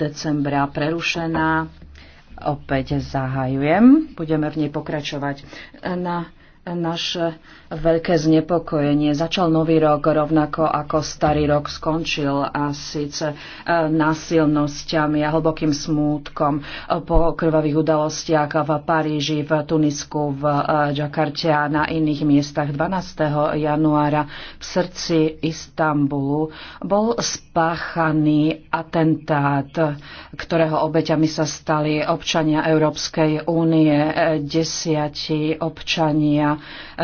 decembra prerušená. Opäť zahajujem. Budeme v nej pokračovať. Na naše veľké znepokojenie. Začal nový rok rovnako ako starý rok skončil a síce e, násilnosťami a hlbokým smútkom po krvavých udalostiach v Paríži, v Tunisku, v e, Džakarte a na iných miestach 12. januára v srdci Istanbulu bol spáchaný atentát, ktorého obeťami sa stali občania Európskej únie, desiati občania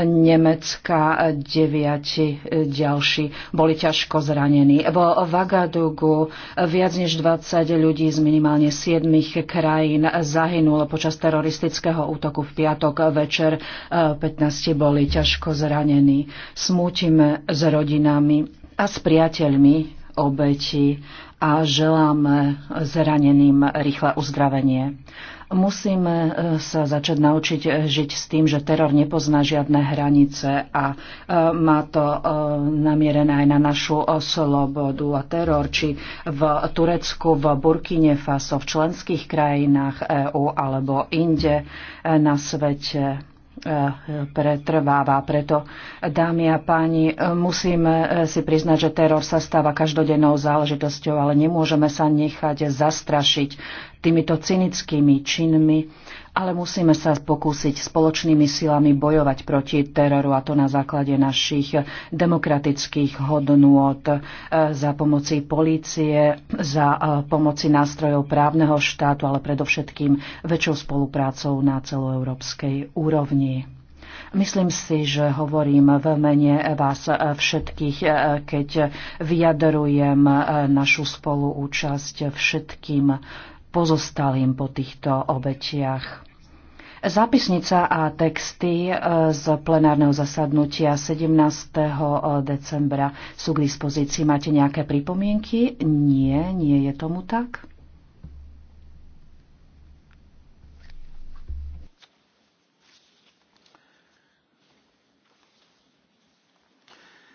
Nemecka, deviati ďalší boli ťažko zranení. Vo Vagadugu viac než 20 ľudí z minimálne 7 krajín zahynulo počas teroristického útoku v piatok večer. 15 boli ťažko zranení. Smútime s rodinami a s priateľmi obeti a želáme zraneným rýchle uzdravenie. Musíme e, sa začať naučiť e, žiť s tým, že teror nepozná žiadne hranice a e, má to namierené aj na našu slobodu. A teror, či v Turecku, v Burkine Faso, v členských krajinách EÚ alebo inde na svete Eh, pretrváva. Preto, dámy a páni, eh, musíme eh, si priznať, že teror sa stáva každodennou záležitosťou, ale nemôžeme sa nechať zastrašiť týmito cynickými činmi ale musíme sa pokúsiť spoločnými silami bojovať proti teroru a to na základe našich demokratických hodnôt e, za pomoci polície, za e, pomoci nástrojov právneho štátu, ale predovšetkým väčšou spoluprácou na celoeurópskej úrovni. Myslím si, že hovorím v mene vás všetkých, e, keď vyjadrujem našu spoluúčasť všetkým pozostalým po týchto obetiach. Zápisnica a texty e, z plenárneho zasadnutia 17. E, decembra sú k dispozícii. Máte nejaké pripomienky? Nie, nie je tomu tak.